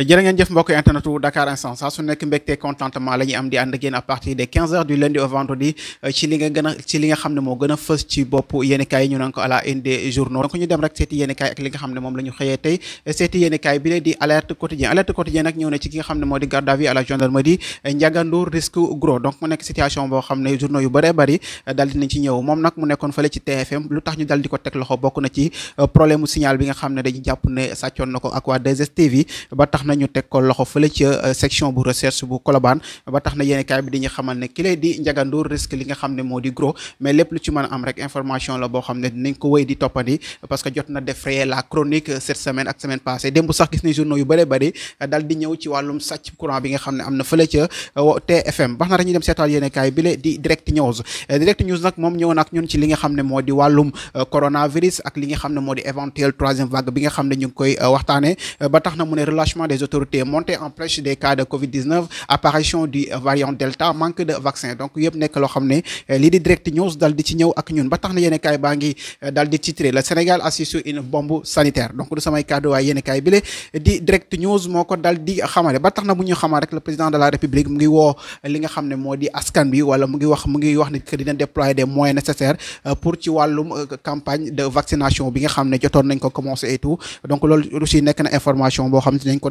Euh, jërë ngeen jëf mbokk internetu Dakar instant sa su nekk mbégte contentement lañu am di and ak à partir des 15 h du lundi au vendredi euh, ci li nga gën ci li nga xamné mo gëna fess ci bop yéenekaay yi ñu naan ala ND la journaux donc ñu dem rek seeti yéenekaay ak li nga xamné mom lañu xeyé tay xëyee tey euh, seeti bi lee di alerte quotidien alerte quotidien nak ñëw na ci ki nga xamné ne di garde à vue à la gendarmerie Ndiaga Ndour risque gros donc mu nekk situation bo xamné ne journaux yu bari bari dal dinañ ci ñëw mom nak mu nekkon fële ci TFM lu tax ñu dal di ko tek loxo bokku na ci problème signal bi nga xamné dañu japp né sàccoon nako ak wa 2 TV ba tax na ñu teg ko euh, section bu recherche bu Colobane ba tax na bi di ñu xamal ne ki di Ndiaga Ndour risque xam ne moo gros mais lépp lu ci am rek information la boo xam ne dinañ koy euh, waxtaane euh, ba tax na mu les autorités montées en flèche des cas de Covid-19, apparition du variant Delta, manque de vaccins. Donc, yëpp nekk loo xam ne euh, lii di direct news dal di ci ñëw ak ñun ba tax na titre. ngi euh, dal di le Sénégal assis sur une bombe sanitaire donc nous samay kàddu waaye yéen kaay bile di direct news moo ko dal di xamale ba tax na bu ñu xamal rek le président de la République mu ngi woo li nga xam ne moo di askan bi wala mu ngi wax mu ngi wax ne que dina déployer des moyens nécessaires euh, pour ci la campagne de vaccination bi nga xam ne jotoon nañ ko commencé et tout donc loolu aussi nekk na information boo xam ne ko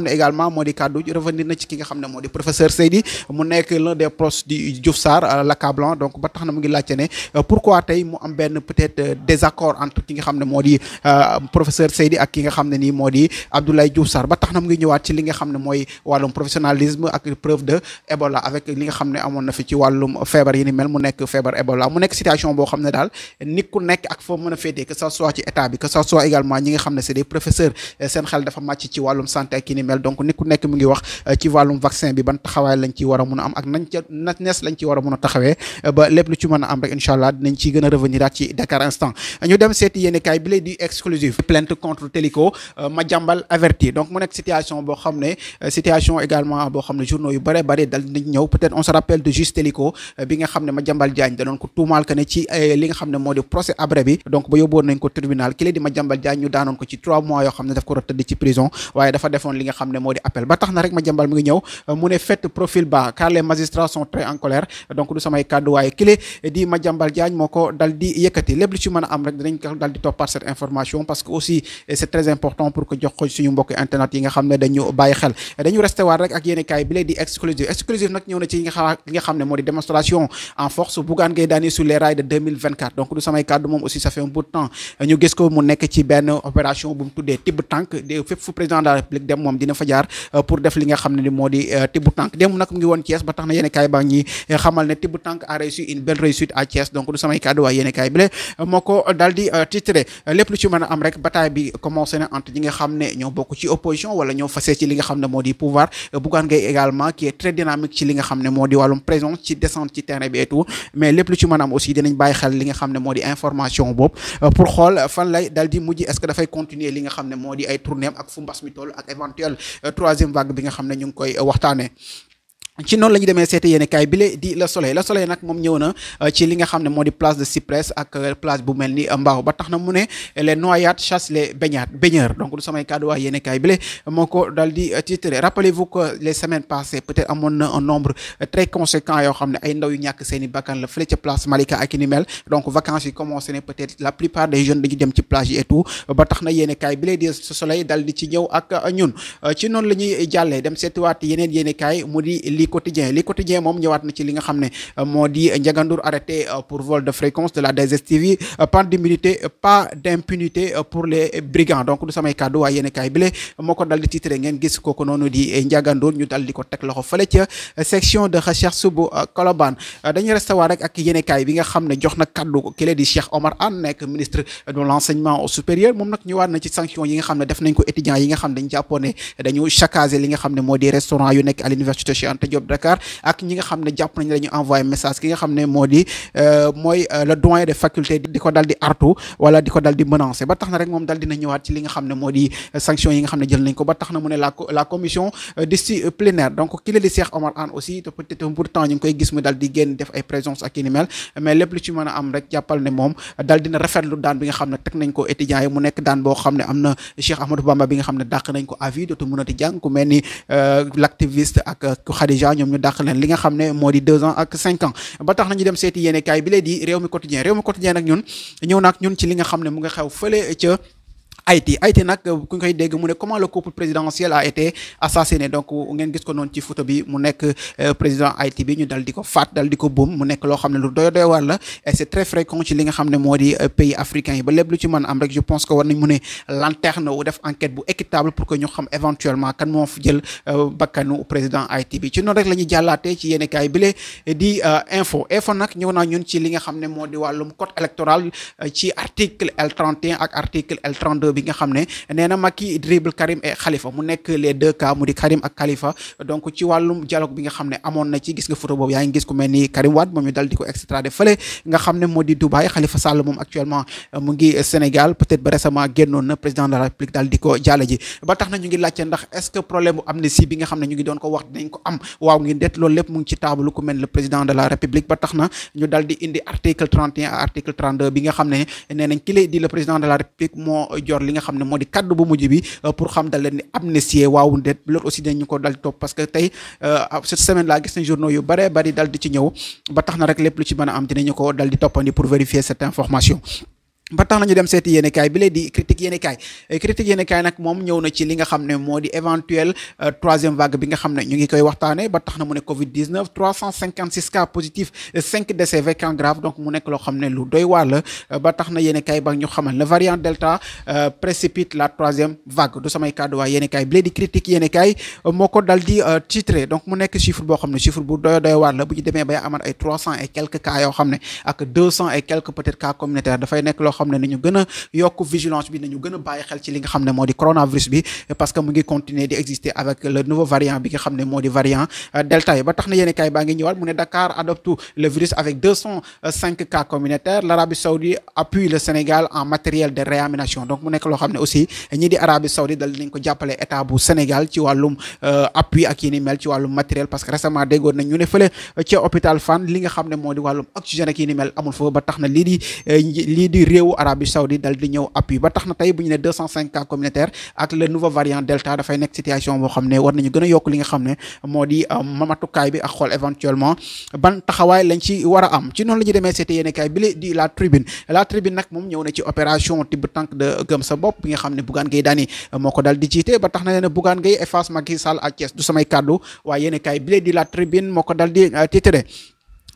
xam également Modi di revenir na ci ki nga xamné Modi professeur Seydi mu nek l'un des pros du Diouf Sarr l'accablant donc ba taxna mu ngi laccé né euh, pourquoi tay mu am ben peut-être euh, désaccord entre ki nga xamné Modi euh, professeur Seydi ak ki nga xamné ni Modi Abdoulaye Diouf Sarr ba taxna mu ngi ñëwaat ci li nga xamné moy walum professionnalisme ak preuve de Ebola avec li nga xamné amon na fi ci walum fièvre yi ni mel mu nek fièvre Ebola mu nek situation bo xamné dal daal nit ku nek ak fo mëna a que ça soit ci état bi que ça soit également ñi nga xamné c'est des professeurs seen xel dafa match ci walum santé ak ni mel donc ni ku nekk mu ngi wax euh, ci wàllum vaccin bi ban taxaway lañ ci wara mëna am ak nañ ca na lañ ci wara mëna taxawé euh, ba lepp lu ci mëna am rek inshallah dinañ ci gëna revenir ci Dakar instant ñu dem seeti yene kay bi lay di exclusif plainte contre euh, ma jambal averti donc mu nek situation bo xamné situation également bo xamné journaux yu bari bari dal dinañ ñëw peut-être on se rappelle de juste Telico bi nga ma jambal jañ Diagne danoon ko tuumaal que ne ci li nga xamné modi procès abré bi donc ba yóbboon nañ ko tribunal ki lay di jambal jañ ñu daanoon ko ci trois mois yo xamné daf ko rëdd ci prison waye dafa defoon li nga xam modi appel ba taxna rek ma jàmbal mi ngi ñëw euh, mu né profil bas car les magistrats sont très en colère donc nous samay kàddu waaye kile di ma jàmbal jañ moko daldi yëkëti lepp lu ci mëna am rek dinañ ko daldi di cette information parce que aussi euh, c'est très important pour que jox ko suñu mbokk internet yi nga xamné dañu bàyyi xel dañu resté waat rek ak yene kay bi lé di exclusive exclusive nak ñëw na ci nga démonstration en force Bougane Gueye Dany sur les rails de 2024 donc du samay cadeau mom aussi ça fait un bout de temps ñu gis ko mu nekk ci ben opération bu mu types tibb de fépp fu président de la république dem mom dina fa jaar euh, pour def li nga xamné modi ni moo di euh, tibbu tànk à ngi won Thiès ba tax na xamal né tibou tank a reçu une belle réussite à Thiès donc nous samay cadeau à yéen kaay bi Daldi euh, moo titré lu ci mëna am rek bataille bi commencé na entre ñi nga xamné ñoo ci opposition wala ñoo fassé ci li nga xamné modi pouvoir Bougane gay également qui est très dynamique ci li nga xamné modi walum présence ci descente ci terrain bi et tout mais lepp lu ci mëna am aussi dinañ bay xel li nga xamné modi information bob pour xol fan lay daldi est-ce que fay continuer li nga xamné modi ay tournéem ak fu mbass mi toll ak éventuel troisième vague bi nga xam ne ñu ngi koy waxtaanee ci non lañu démé demee seete yéen kaay di Le Soleil Le Soleil nak mom ñëw na euh, ci li nga xamné modi place de Cyprès ak euh, place bu melni ni euh, ba taxna mu né les noyades chassent les baignades baigneurs donc du samay cadeau wax yéen kaay bile moo ko titre rappelez-vous que les semaines passées peut-être amone un nombre très conséquent yo xamné ay ndaw yu ñak seeni i le la ci place Malika ak ni mel donc vacances yi commencé peut-être la plupart des jeunes dañu dem ci plage et tout ba taxna na yéen kaay di Le Soleil daldi ci ñëw ak ñun ci non la jallé jàllee dem seetiwaat yeneen yéen kaay mu quotidien Les quotidiens, moom ñëwaat na ci li nga xamné modi euh, moo euh, arrêté euh, pour vol de fréquence de la 2STV pas d'immunité pas d'impunité pour les brigands donc du samay cadeau waaye yene kay bi lé moko dal di titre ngeen gis kooku nonu di Ndiaga Ndour ñu dal di ko tek loxo fele ci section de recherche bu Colobane dañuy restawaat rek ak yene kay bi nga xamné ne jox na kàddu ki di Cheikh Omar Anne ministre de l'enseignement supérieur moom nag ñëwaat na ci sanction yi nga xamné def nañ ko étudiants yi nga xamné dañu japoné dañu saccager li nga xamné modi restaurant yu nek à l'université Cheikh Anta Diop jot Dakar ak ñi nga xam ne jàpp nañ la ñu message ki nga xamné modi euh moy euh, le doyen des facultés diko daldi artu wala diko daldi menacer ba tax na rek mom daldi na ñëwaat ci li nga xamné modi euh, sanction yi nga xamné jël nañ ko ba tax na mu né la la commission euh, disciplinaire donc ki le di Cheikh Omar An aussi te peut être pourtant ñu koy gis mu daldi di def ay présence ak yi mel mais lepp lu ci mëna am rek jàppal ne moom dal dina rafetlu daan bi nga xamné tek nañ ko étudiant yi mu nekk daan bo xamné amna Cheikh Ahmadou Bamba bi nga xamné ne nañ ko à vie mëna mënati jàng ku melni ni l'activiste ak Khadija déjà ñoom ñu dàq leen li nga xam ne moo ans ak cinq ans ba tax nañu dem seeti yéene kaay bi lee di mi quotidien réew mi quotidien nag ñun ñëw naak ci li xam ne mu nga xew fële ca Haïti Haïti nag euh, ku dégg mu comment le couple présidentiel a été assassiné donc on euh, gis ko noonu ci photo mu euh, président Haïti bi ñu dal di fat, dal diko boom mu nekk lo xam ne lu doy doy war et c'est très fréquent ci li nga xam modi pays africain yi ba lepp lu ci man am rek je pense que war nañ mu ne lanterne wu def enquête bu équitable pour que ñu xam éventuellement kan mo fi jël bakkanu président Haïti bi ci non rek la jallaté ci yene kay bi lé di info info nak, ñu na ñun ci li nga xam modi walum code électoral ci article L31 ak article L32 bi bi nga xam ne nee na Macky Karim et Khalifa mu nekk les deux cas mu di Karim ak Khalifa donc ci wàllum dialogue ne dal di ko extradé fële nga xam ne moo di Dubaï Khalifa Sall actuellement euh, mu ngi Sénégal peut-être ba récemment génnoon na président de la République dal di ko jaale ji ba tax na ngi laajte ndax est-ce que problème bu ne ñu bi nga xam ne nee nañ ki di le président de la République moo jor yor li nga xam modi kaddu bu mujjibi euh, pour xam dal leen ni amnistie waaw ndet aussi dañ ko dal top parce que tay euh, cette semaine là gis nañ journaux yu bare bari dal di ci ñëw ba tax na rek lepp lu ci mëna am dinañu ko dal di toppandi pour vérifier cette information ba tax nañu dem séti yéeni kaay bi lee di critique yéeni kaay eh, critique yéeni kaay nag moom ñëw na ci li nga xamné ne moo éventuel euh, troisième vague bi nga xamné ne ñu ngi koy waxtané ba taxna mu né covid 19 356 cas positifs 5 euh, décès vacants graves donc mu nekk loo xamné ne lu doy waar la euh, ba taxna na yéeni ba ñu xamal le variant delta précipite la troisième vague du samay cadeau waa yéeni kaay bi lee di critique yéeni kaay dal di titré donc mu nekk chiffre bo xamné ne chiffre bu doy doy waar la bu ñu démé bay amaat ay 300 et quelques cas yo xamné ne ak 200 et quelques peut-être cas communautaires dafay nekk loo xam ne nañu gën a vigilance bi nañu gëna a xel ci li nga xamné modi coronavirus bi parce que mu ngi continuer di exister avec le nouveau variant bi nga xamné modi variant euh, delta yi ba tax na yéen kaay baa ngi ñëwaat mu né Dakar adopte le virus avec 205 cas communautaires l'Arabie saoudite appuie le Sénégal en matériel de réanimation donc mu nekk loo xamné aussi ñi di Arabie saoudite dal dinañ ko jappalé état bu Sénégal ci wàllum euh, appui ak yi mel ci walum matériel parce que récemment déggoon nañ ñu ne feulé ci hôpital Fann li nga xamné modi walum oxygène ak yi mel amul foofu ba tax na di euh, li di réew wu Arabie Saoudite dal di ñëw appui ba tax na tey bu ñu ne deux cent cinq cas communautaire ak le nouveau variant delta dafay nekk situation boo xam ne war nañu gën a yokk xam ne moo di euh, matukaay ci a am ci noonu la opération tibb tànk de gëm bopp nga xam ne Bougane Gueye Dany moo ko dal di jiite ba tax na nee ne Bougane Gueye efface Macky Sall à Thiès du samay kàddu waaye yéene kaay bi di la tribune moo ko dal di euh, titre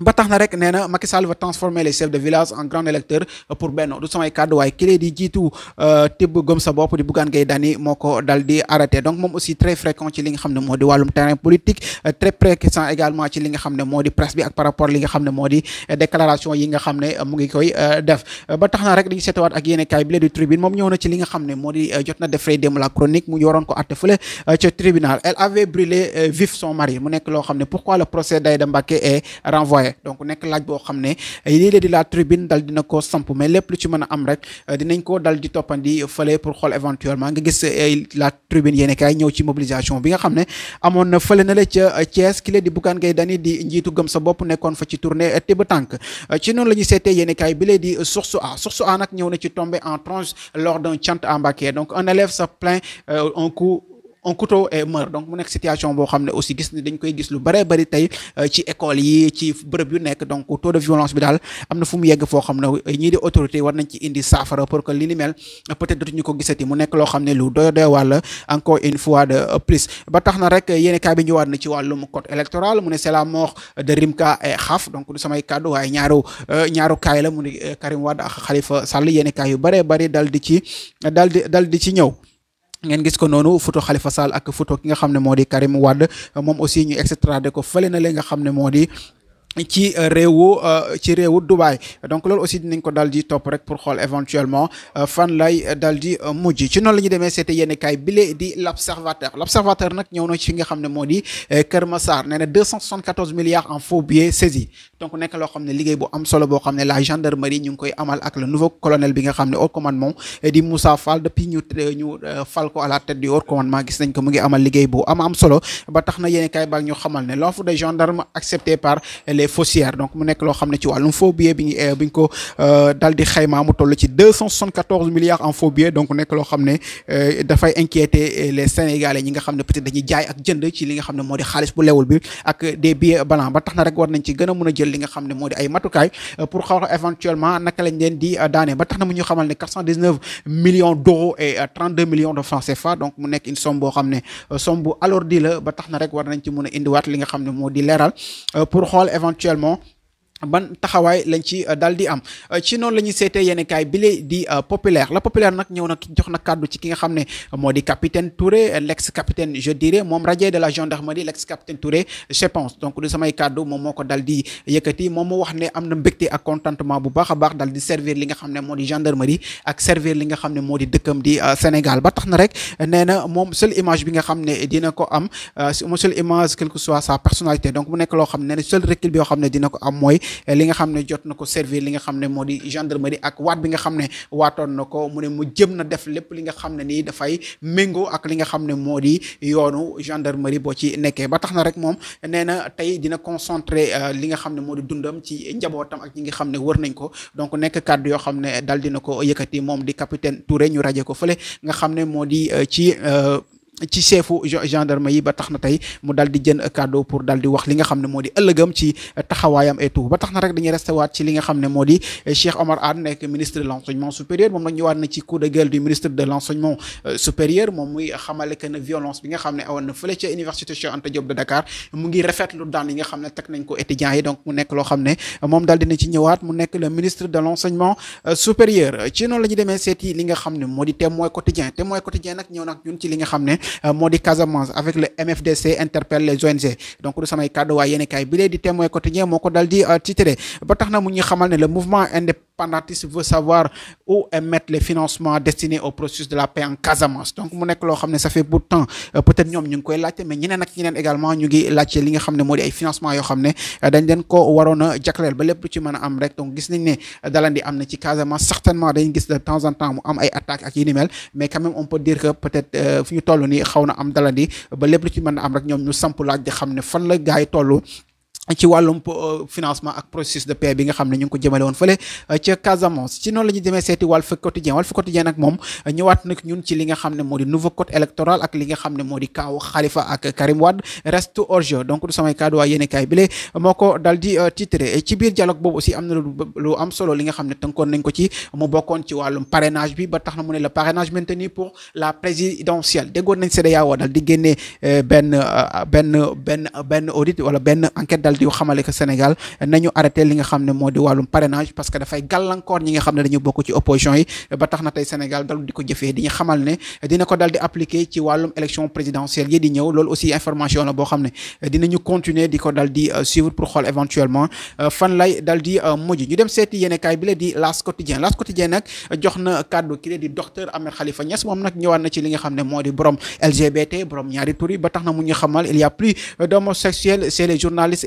ba tax na rek nee Macky Sall va transformer les chefs de village en grands électeurs pour Benno du samay kàddu waaye kii di jiitu euh, tibb gom sa bop di bugan gay dani moko daldi dal arrêté donc mom aussi très fréquent ci li nga xamné modi walum terrain politique euh, très précaissant également ci li nga xamné modi presse bi ak par rapport li nga xamné modi euh, déclaration yi nga xamné mu ngi koy def ba tax na rek dañu seetawaat ak yene kay bi du tribune mom ñëw na ci li nga xamné modi jotna def jot dem la chronique mu yoroon ko atté feulé ci tribunal elle avait brûlé vif son mari mu nek lo xamné pourquoi le procès d'Aïda Mbaké est renvoyé on donc que laaj boo xam ne il est di la tribune dal dina ko samp mais lepp lu ci mëna am rek dinañ ko dal di topandi feulé pour xool éventuellement nga gis eh, la tribune yéen kay ñëw ci mobilisation bi nga xamné ne amoon na fële na la ci Thiès ki la di Bougane Gueye dani di njitu gëm sa bop nekkoon fa ci tournée Tëb tank ci non lañu sété seetee kay bi la di source a source a nak ñëw na ci tombé en tranche lors d'un chant à donc un élève se plaint euh, un coup un couteau et meurt donc mu nekk situation boo xam ne aussi gis ni dañ koy gis lu bëree bëri tey euh, ci école yi ci bërëb yu nekk donc taux de violence bi daal am na fu mu yegg foo xam ne euh, ñii di autorité war nañ ci indi saafara pour que li ni mel euh, peut-être dootuñu ko gisati mu nekk loo xam ne lu doy doy wàll encore une fois de plus ba tax na rek yéeni kaay bi ñëwaat na ci wàllum code électoral mu ne c'est la mort de Rimka et Xaf donc samay kàddu waaye ñaaru ñaaru la mu ne Karim Wade ak Khalifa Sall yéeni yu bëree bëri dal di ci dal di dal di ci ñëw ngeen gis ko noonu photo Khalifa Sall ak photo ki nga xam ne moo di Karim Wade moom aussi ñu extradé ko fële na le nga xam ne moo di ci réewu euh, ci réewu Dubaï. donc là aussi dinañ ko daal top rek pour xool éventuellement euh, fan lay daldi di euh, mujj ci non lañu démé c'était yene kay kaay di l'observateur l'observateur nak ñewno ci fi nga xamné modi moo di Kër 274 milliards en faux billets saisis donc nek lo xamné ne bu am solo bo xamné la gendarmerie ñu koy amal ak le nouveau colonel bi nga xamné au haut commandement di Moussa Fall depuis ñu ñu fal ko à la tête du haut commandement gis nañ ko mu ngi amal liggéey bu am am solo ba taxna yene kay ba ñu xamal né l'offre de gendarme acceptée par les les donc mu nek lo xamné ci walum faux billets bi ñu eh, bi ñu ko euh daldi xeyma mu toll ci 274 milliards en faux billets donc lo xamné euh da fay inquiéter eh, les sénégalais ñi nga xamné peut-être dañuy jaay ak jënd ci li nga xamné modi moo bu lewul bi ak des billets blancs ba taxna rek war nañ ci gëna mëna jël li nga xamné modi ay matukay euh, pour xaw éventuellement nak lañ leen di euh, daane ba taxna mu ñu xamal né 419 millions d'euros et 32 euh, millions de francs CFA donc mu nek une somme bo xamné somme bu alourdi la ba taxna rek war nañ ci mëna indi wat li nga xamné modi léral pour Actuellement ban taxaway lañ ci euh, daldi am euh, ci non lañu sété yene kay bi bile di euh, populaire la populaire nak ñew nak jox na kàddu ci ki nga xamné modi capitaine Touré l'ex capitaine je dirais mom radié de la gendarmerie l'ex capitaine Touré je pense donc du samay cadeau mom moko daldi yëkëti mom yëkkati wax né amna na ak contentement bu baaxa baax d'aldi. servir li nga xamné modi gendarmerie ak servir li nga xamné modi moo di dëkkam di Sénégal ba taxna rek néna mom seul seule image bi nga xamné dina ko am seule image quelque que soit sa personnalité donc mu nek lo xamné seul recul bi yoo xamné dina ko am moy Eh, li nga xam ne jot na ko servir li nga xam ne moo di gendarmerie ak waat bi nga xam ne waatoon na ko mu ne mu jëm na def lépp li nga xam ne nii dafay méngoo ak li nga xam ne moo di yoonu gendarmerie boo ci nekkee ba tax na rek moom nee na tey dina concentré eh, li nga xam ne moo di dundam ci njabootam ak ñi nga xam ne wër nañ ko donc nekk kàddu yoo xam ne dal dina ko yëkkati moom di capitaine Touré ñu raje ko fële nga xam ne moo di eh, ci ci chefu gendarme yi ba tax na tey mu dal di jën cadeau pour dal di wax li nga xam ne moo di ëllëgam ci taxawaayam et tout ba tax na rek dañuy resté waat ci li nga xam ne moo di Cheikh Omar Anne nekk ministre de l' enseignement supérieur moom nag ñëwaat na ci euh, nga xam ne awoon na fële ca université Cheikh Anta Diop de Dakar mu ngi rafetlu daan ne teg nañ ko étudiants yi donc mu nekk loo xam ne moom daal dina ci ñëwaat mu nekk le ministre de l' enseignement euh, supérieur ci noonu li nga xam ne moo di témoin quotidien témoin quotidien nag ñëw nag ñun ci li nga xam ne Euh, modi Casamance avec le MFDC interpelle les ONG donc nous samay cadeau waaye yéen kaay bi lee di témoin quotidien moo ko euh, titré ba tax mu xamal le mouvement indépendantiste veut savoir où est mettre les financements destinés au processus de la paix en Casamance donc mu nekk loo ça fait bout de temps euh, peut-être nous ñu ngi koy laajte mais ñeneen ak ñeneen également ñu ngi laajte li nga xam ne ay financement yoo xam ne dañ leen ko waroon a jagleel ba lépp ci mën am rek donc gis nañ ne dalandi am ci Casamance certainement dañ gis de temps en temps mu am ay attaques ak yi mel mais quand même on peut dire que peut-être fu ñu toll ni xaw na am dalandi ba lépp lu ci mën a am rek ñoom ñu samp laaj xam ne fan la gaa yi toll ci walum euh, financement ak processus de paix bi nga xam ñu ko jëmale woon fële euh, ca Casamance ci non lañu démé séti seeti Walf Quotidien Walf Quotidien nag mom euh, ñëwaat nak ñun ci li nga xam modi nouveau code électoral ak li nga xam modi moo Khalifa ak Karim Wade reste hors jeu donc du samay kaddu waa yéene kaay bile moo ko dal di titré ci biir dialogue bobu aussi amna lu am solo li nga xam tankon nañ ko ci mu bokkoon ci walum parrainage bi ba tax na mu né le parrainage maintenu pour la présidentielle déggoon nañ CEDEAO dal daldi génné ben ben ben ben audit wala ben enquête Sénégal di xamalé que Sénégal nañu arrêté li nga xamné ne walum parrainage parce que dafay gàllankoor ñi nga xamné dañu bokku ci opposition yi ba taxna tay Sénégal dalu diko jëfé di ñu xamal né dina ko daldi appliquer ci walum élection présidentielle yi di ñëw lool aussi information la bo xamné dinañu continuer diko daldi euh, suivre pour xool éventuellement euh, fan lay daldi di euh, ñu dem séti yene kay bi la di L'As Quotidien L'As Quotidien nak joxna cadeau ki la di docteur Ahmed Khalifa Niass mom nak ñëwaat na ci li nga xamné ne borom LGBT borom ñaari tur ba taxna mu ñu xamal il y a plus d'homosexuels c'est les journalistes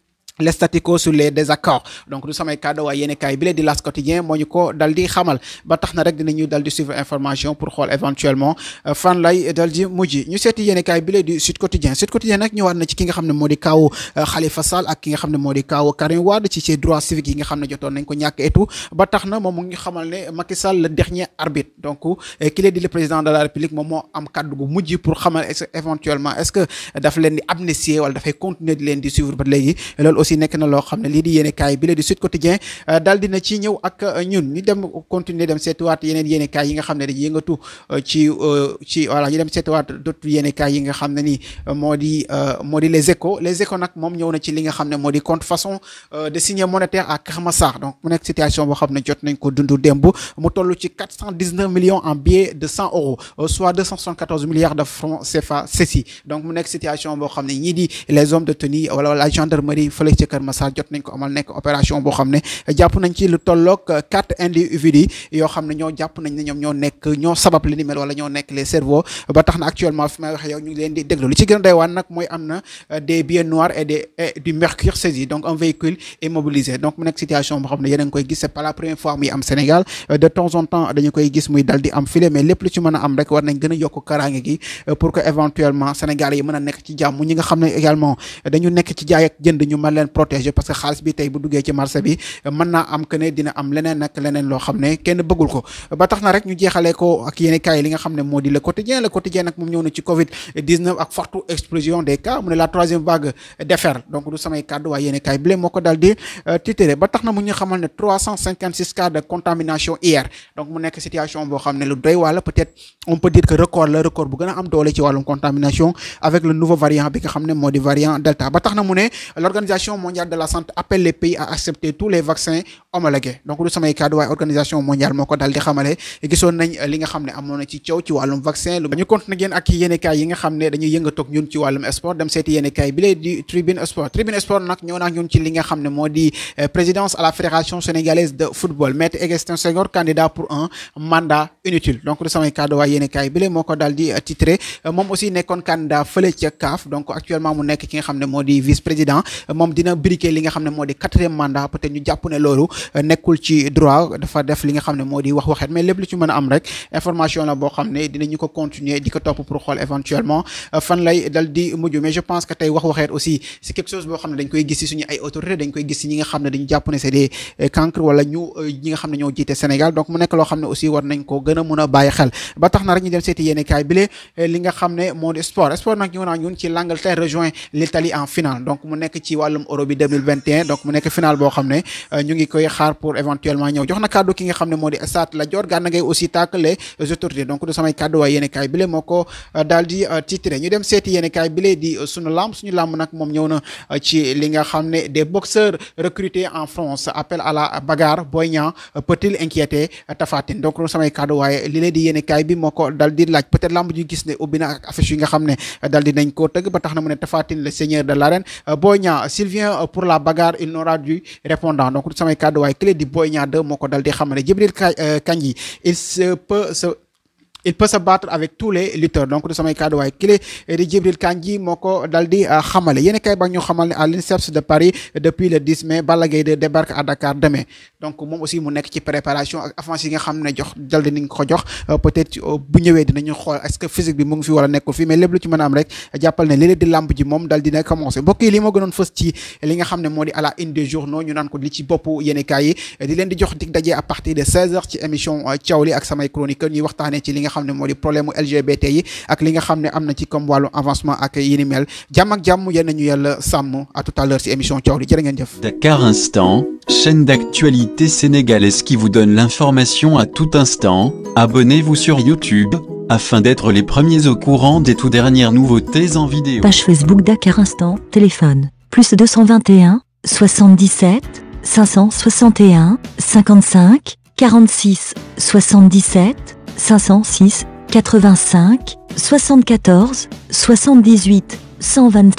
les statico sur les désaccords donc nous samay cadeau waaye yéen kaay bi di las quotidien moo ko daldi xamal ba taxna rek dinañu daldi suivre information pour xol éventuellement euh, fan lay daldi Mudi ñu seeti yene kay bi lee sud quotidien sud quotidien ñu ñëwaat na ci ki nga xam modi moo euh, Khalifa Sall ak ki nga xam modi moo Karim Wade ci ses droits civiques yi nga xam ne jotoon nañ ko et tout ba taxna na ngi xamal ne Macky Sall le dernier arbitre donc euh, ki lee di le président de la république moom moo am kàddu gu mujj pour xamal éventuellement est-ce que daf leen di amnistier wala dafay continuer di leen di suivre ba légui aussi aussi nek na lo xamne li di yene kay bi le di Sud Quotidien euh, daal dina ci ñew ak euh, ñun ñu dem continuer dem seetuwaat yeneen yéene kaay yi nga xamne ne dañuy yëngatu euh, ci ci wala ñu dem seetuwaat dootu yene kay yi nga xamne ni modi modi les échos les échos nak mom ñew na ci li nga xamne modi contrefaçon de signes monétaires à Keur donc mu nek situation bo xamne jot nañ ko dundu dembu mu tollu ci 419 millions en billets de 100 euros soit 274 milliards de francs CFA ceci donc mu nek situation bo xamne ñi di les hommes de tenue wala la gendarmerie fële ci Kër Massar jot nañ ko amal nek opération bo xam japp jàpp nañ ci lu tolloog quatre individus yo xam ño japp jàpp nañ ne ñoom ñoo nekk ñoo sabab li ni mel wala ño nek les cerveaux ba taxna actuellement fi may wax yow ñu ngi leen di déglu li ci gën a doy waan nag mooy am euh, des biens noirs et des du mercure saisi donc un véhicule immobilisé donc mu nekk situation bo xam ne yéen ngi koy gis c'est pas la première fois muy am Sénégal euh, de temps en temps dañ koy gis muy dal di am filé mais lepp lu ci mëna am rek war nañ gëna yok karangé gi euh, pour que éventuellement Sénégalais yi mëna nek ci jamm ñi nga xam également dañu nek ci jaay ak jënd ñu mën leen protéger parce que xaalis bi tey bu duggee ci marché bi mën am que dina am leneen loo xam ne kenn bëggul ko ba tax rek ñu jeexalee ko ak yéen kaay xam ne moo di le quotidien le nag moom ñëw na ci covid 19 ak forte explosion des cas mu ne la troisième vague déferle donc du samay euh, cas de contamination hier donc mu nekk situation boo xam ne lu doy walla peut-être on peut dire record la record bu am doole ci wàllum contamination avec le nouveau l'Organisation mondiale de la santé appelle les pays à accepter tous les vaccins homologués donc sommes les cadres de organisation mondiale moo ko daal di xamale gisoon nañ eh, li nga xam ne ci coow ci vaccin Nous ñu continuer ngeen ak yéenekaay yi nga xam ne dañuy yëngatoog ñun ci wàllum sport dem seeti yéenekaay bi Tribune Sport Tribune Sport nag ñëw naa ñun ci li nga xam eh, présidence à la Fédération sénégalaise de football Maître Augustin Senghor candidat pour un mandat inutile donc nous sommes les cadres de bi lee moo ko daal eh, titré aussi nekkoon candidat fële Kaf. CAF donc actuellement mu nekk ki nga xam ne vice président dina briquer li nga xamné modi 4e mandat peut-être ñu japp ne lolu euh, nekkul ci droit dafa def li nga xamné modi wax waxet mais lepp lu ci mëna am rek information la bo xamné ne dinañu ko continuer di ko pour xol éventuellement euh, fan lay daldi muju mais je pense que tay wax waxeet aussi c'est quelque chose bo xamné dañ koy giss si suñu ay autorités dañ koy giss si nga xamné ne dañu jàpp ne c'est des euh, cancres wala ñu ñi nga xamné ñoo jité Sénégal donc mu nekk lo xamné aussi war nañ ko gëna mëna baye xel ba tax na rek ñu dem seeti yéene kaay bile li nga xamné modi sport sport nak ñu naa ñun ci l'Angleterre rejoint l'Italie en finale donc mu nekk ci wàllum Eurobi 2021 donc mu nek final bo xamné euh, ñu ngi koy xaar pour éventuellement ñëw joxna cadeau ki nga xamné modi moo di Stade Lat Dior Gana Gueye aussi tàkk les autorités donc du samay cadeau waaye kay kaay bile moo ko euh, daal euh, titré ñu dem seeti yéen kaay bile di sunu lamb suñu lamb nak mom ñëw na ci li nga xamné des boxeurs recrutés en France appel à la bagarre Boyan peut-il inquiéter Tafatine? donc du samay cadeau way li lé di yene kay bi moko daldi laaj peut-être lamb ju gis né ubbi ak affiche yi nga xamné daldi nañ ko teug ba tax na mu ne tafatine le seigneur de l'arène Boyan Sylvie euh, pour la bagarre il n'aura dû répondant donc samay clé Boy 2 de euh, il se peut se il peut se battre avec tous les lutteurs donc nous sommes kàddu waaye kile di Djibril Kandji moo ko dal di euh, xamale yéen kay ba ñu xamal à l'INSEPS de Paris depuis le 10 mai Balla Gaye 2 débarque à Dakar demain donc mom aussi mu nekk ci préparation ak avance yi nga xamné jox daldi di ko jox euh, peut-être euh, bu ñëwee dinañu xol est-ce que physique bi mu ngi fi wala nekkul fi mais lepp lu ci mëna am rek jàppal né léeg di lamb ji mom daldi dina commencé bokki li mo gënon fës ci li nga xamné modi à la une des journaux ñu naan ko li ci bop yéen kay yi di leen di jox dig dajé à partir de 16 heures ci émission Thiowli ak samay chroniqueur ñi waxtané ci li nga LGBT yi ak li nga ci comme à tout à l'heure émission Dakar Instant chaîne d'actualité sénégalaise qui vous donne l'information à tout instant abonnez-vous sur YouTube afin d'être les premiers au courant des tout dernières nouveautés en vidéo. Page Facebook Dakar Instant téléphone 221 77 561 55 46 77 506 85 74 78 123.